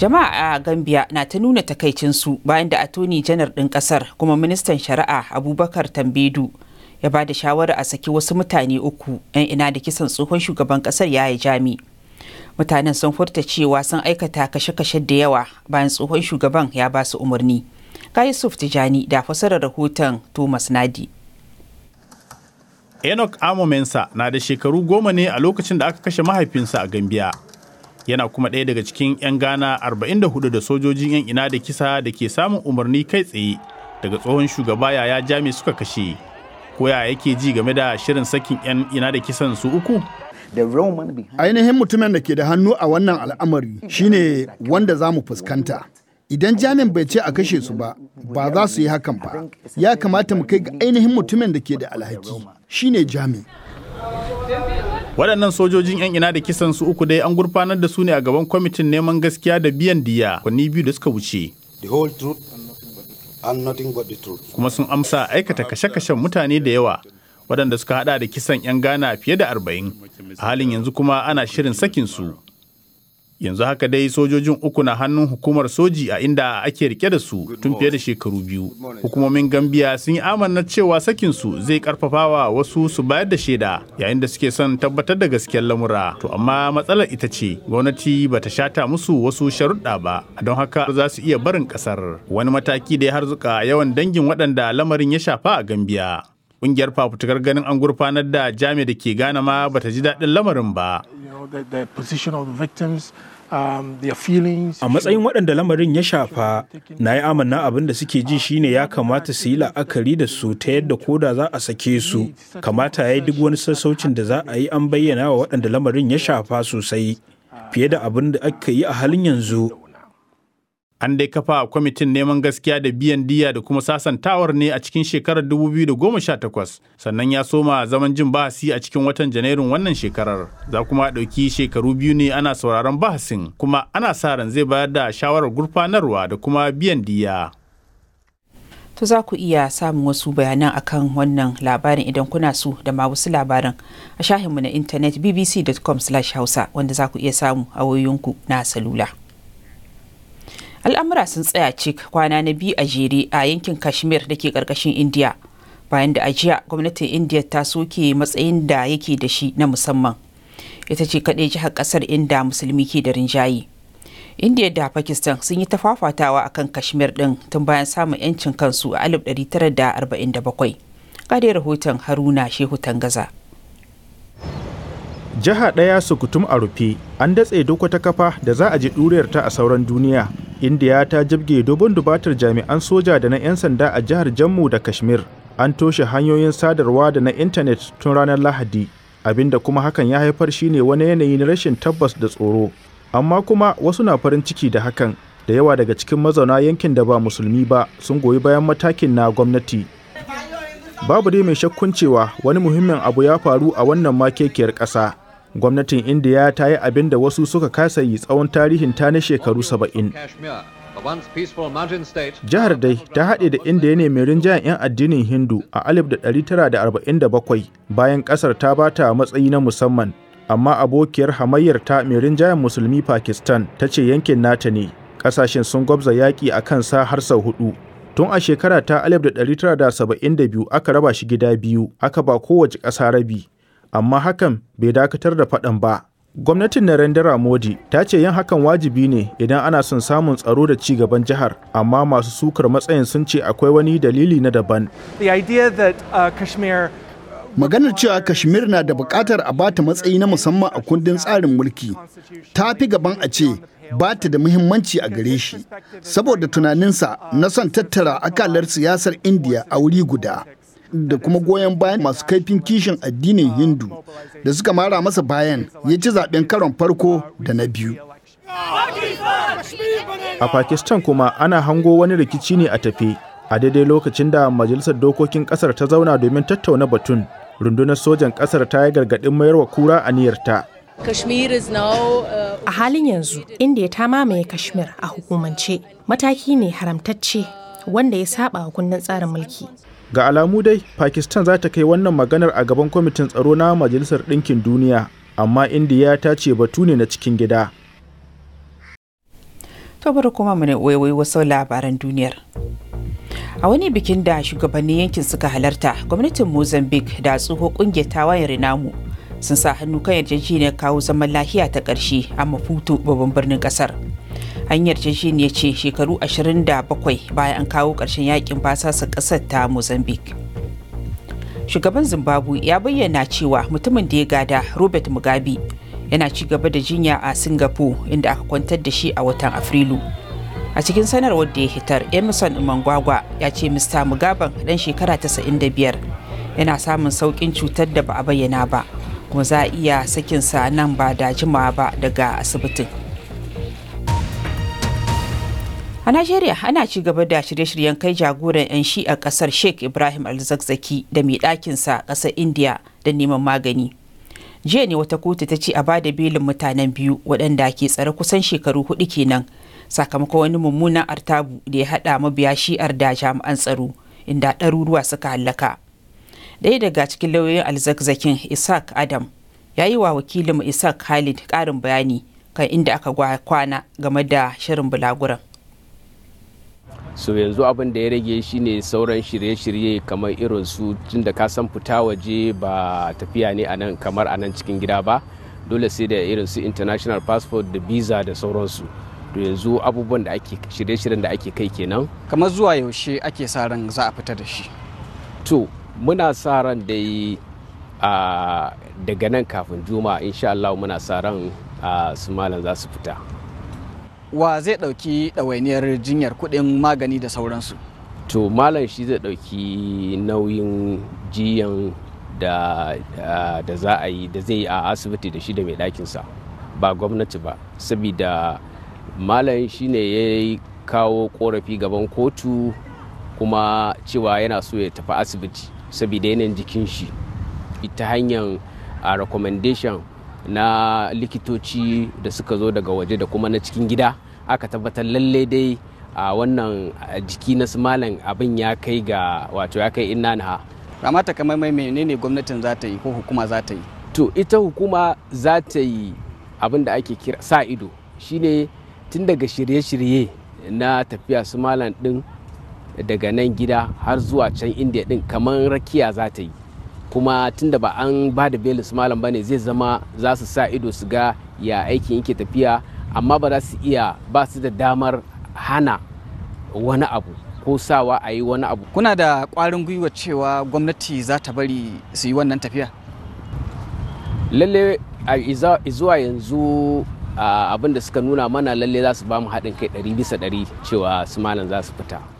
jama'a a gambia na ta nuna takaicinsu bayan da atoni janar ɗin ƙasar kuma ministan shari'a abubakar tambedu ya ba da shawara a saki wasu mutane uku 'yan ina da kisan tsohon shugaban ƙasar yayi jami mutanen sun furta cewa sun aikata kashe-kashe da yawa bayan tsohon shugaban ya ba su umarni ga yusuf tijani da fasarar rahoton thomas nadi enoch amomensa na da shekaru goma ne a lokacin da aka kashe mahaifinsa a gambia yana kuma ɗaya daga cikin 'yan Ghana 44 da sojojin 'yan ina da kisa da ke samun umarni kai tsaye daga tsohon shugaba yaya jami suka kashe. Koya yake ji game da shirin sakin 'yan ina da kisan su uku? Ainihin mutumin da ke da hannu a wannan al'amari shine wanda za mu fuskanta. Idan jamin bai ce a kashe su ba, ba za su yi hakan ba. Ya kamata mu kai ga ainihin mutumin da ke da alhaki shine jami waɗannan sojojin yan ina da kisan su uku dai an gurfanar da su ne a gaban kwamitin neman gaskiya da biyan diya kwanni biyu da suka wuce kuma sun amsa aikata kashe-kashen mutane da yawa waɗanda suka hada da kisan 'yan gana fiye da arba'in a halin yanzu kuma ana shirin sakin su yanzu haka dai sojojin uku na hannun hukumar soji a inda ake rike da su tun fiye da shekaru biyu hukumomin gambia sun yi amanar cewa sakin su zai karfafawa wasu su bayar da shaida yayin da suke son tabbatar da gaskiyar lamura to amma matsalar ita ce gwamnati bata shata musu wasu sharuɗa ba don haka za su iya barin ƙasar wani mataki da ya harzuka yawan dangin waɗanda lamarin ya shafa a gambia Ƙungiyar fafutukar ganin an gurfanar da jami da ke gane ma bata ji daɗin lamarin ba. Um, a matsayin waɗanda lamarin ya shafa, na yi amanna abin da suke ji shine ya kamata su yi la'akari da su ta yadda koda za a sake su, kamata ya yi duk wani sassaucin da za a yi an bayyana wa waɗanda lamarin ya shafa sosai, fiye da abin da aka yi a halin yanzu. An dai kafa kwamitin neman gaskiya da biyan diya da kuma sasantawar ne a cikin shekarar 2018 sannan ya soma zaman jin bahasi a cikin watan Janairun wannan shekarar. Za kuma ɗauki shekaru biyu ne ana sauraron bahasin kuma ana sa ran zai bayar da shawarar gurfanarwa da kuma biyan diya. To za ku iya samun wasu bayanan akan wannan labarin idan kuna su da ma wasu labaran a shahinmu na intanet bbc.com/hausa wanda za ku iya samu a wayoyinku na salula. al'amura sun tsaya cik kwana na biyu a jere a yankin kashmir da ke karkashin indiya bayan da ajiya gwamnatin indiya ta soke matsayin da yake da shi na musamman ita ce kaɗai jihar ƙasar inda musulmi ke da rinjaye indiya da pakistan sun yi tafafatawa akan kashmir ɗin tun bayan samun 'yancin kansu a 1947 ƙadai rahoton haruna shehu tangaza jiha ɗaya sukutum a rufe an datse duk wata kafa da za a ji ta a sauran duniya indiya ta jibge dubun dubatar jami'an soja da na 'yan sanda a jihar jammu da kashmir an toshe hanyoyin sadarwa da na intanet tun ranar lahadi abinda kuma hakan ya haifar shine wani yanayi na rashin tabbas da tsoro amma kuma wasu na farin ciki da hakan da yawa daga cikin mazauna yankin da ba musulmi ba sun goyi bayan matakin na gwamnati babu dai mai shakkun cewa wani muhimmin abu ya faru a wannan makekiyar ƙasa gwamnatin indiya ta yi abin da wasu suka kasa yi tsawon tarihin ta na shekaru saba'in jihar dai ta haɗe da indiya ne mai rinjayen 'yan addinin hindu a 1947 bayan ƙasar ta ba ta matsayi na musamman amma abokiyar hamayyar ta mai rinjayen musulmi pakistan ta ce yankin nata ne ƙasashen sun gwabza yaƙi a kan sa har sau hudu tun a shekara ta 1972 aka raba shi gida biyu aka ba kowace ƙasa rabi amma hakan bai dakatar da faɗan ba. Gwamnatin Narendra Modi ta ce yin hakan wajibi ne idan ana son samun tsaro da ci gaban jihar, amma masu sukar matsayin sun ce akwai wani dalili na daban. Uh, uh, Maganar cewa Kashmir na da bukatar a bata matsayi na musamman a kundin tsarin mulki ta fi gaban a ce ba ta da muhimmanci a gare shi, saboda tunaninsa na son tattara akalar siyasar Indiya a wuri guda. da kuma goyon bayan masu kaifin kishin addinin hindu da suka mara masa bayan ya ci zaben karon farko da na biyu a pakistan kuma ana hango wani rikici ne a tafe a daidai lokacin da majalisar dokokin kasar ta zauna domin tattauna batun rundunar sojan kasar ta yi mayar mayarwa kura a niyarta uh, a halin yanzu india ta mamaye kashmir a hukumance mataki ne haramtacce wanda ya saba wa kundin tsarin mulki ga alamu dai pakistan za ta kai wannan maganar a gaban kwamitin tsaro na majalisar ɗinkin duniya amma indiya ta ce batu ne na cikin gida to kuma mu ne waiwai wasu labaran duniyar a wani bikin da shugabannin yankin suka halarta gwamnatin mozambique da tsoho kungiyar tawayen rinamu sun sa hannu kan yarjejeniyar kawo zaman lafiya ta ƙarshe a mafuto babban birnin ƙasar hanyar an ya ce shekaru 27 bayan an kawo ƙarshen yakin basasa ƙasar ta mozambique shugaban zimbabwe ya bayyana cewa mutumin da ya gada robert mugabe yana ci gaba da jinya a singapore inda aka kwantar da shi a watan afrilu a cikin sanarwar da ya hitar emerson mangwagwa ya ce mr mugaben dan shekara 95 yana samun saukin cutar da ba a bayyana ba kuma za a iya sakinsa nan ba da jimawa ba daga asibitin A Najeriya ana ci gaba da shirye-shiryen kai jagoran 'yan shi a kasar Sheikh Ibrahim Alzakzaki da mai ɗakinsa a ƙasar India da neman magani. Jiya ne wata kotu ta ce a bada belin mutanen biyu waɗanda ke tsare kusan shekaru hudu kenan sakamakon wani mummunan artabu da ya haɗa mabiya shi'ar da jami'an tsaro inda ɗaruruwa suka hallaka. Ɗaya daga cikin lauyoyin alzakzakin Isaac Adam ya yi wa wakilinmu Isaac Khalid ƙarin bayani kan inda aka kwana game da shirin bulaguran. so yanzu abin da ya rage shine sauran shirye-shirye kamar irin su tun da ka fita waje ba tafiya ne nan kamar a nan cikin gida ba dole sai da irin su international passport da visa da sauransu to yanzu abubuwan da ake shirye-shiryen da ake kai kenan kamar zuwa yaushe ake sa ran za a fita da shi to muna sa ran da yi daga nan kafin juma'a insha Allah muna sa ran su malam za su fita wa zai ɗauki ɗawainiyar jinyar kuɗin magani da sauransu to malam shi zai ɗauki nauyin jiyan da, ah, da za a yi da zai yi a asibiti da shi da mai ɗakinsa ba gwamnati ba saboda malam shi ne ya kawo korafi gaban kotu kuma cewa yana so ya tafi asibiti saboda yanayin jikin shi ta hanyar a ah, recommendation na likitoci da suka zo daga waje da kuma na cikin gida aka tabbatar lalle dai a wannan jiki na malam abin ya kai ga wato ya kai inna na ramata kamar mai menene gwamnatin za ta yi ko hukuma za ta yi to ita hukuma za ta yi abin da ake kira sa ido shine tun daga shirye-shirye na tafiya su malam din daga nan gida har zuwa can indiya din kamar rakiya za ta yi kuma tunda ba an ba da beli su ba ne zai zama za su sa ido su ga ya aikin yake tafiya amma ba za su iya ba su da damar hana wani abu ko sawa a yi wani abu kuna da kwarin gwiwa cewa gwamnati za ta bari su yi wannan tafiya lalle zuwa yanzu abin da suka nuna mana lalle za su ba mu haɗin kai ɗari bisa ɗari cewa su malam za su fita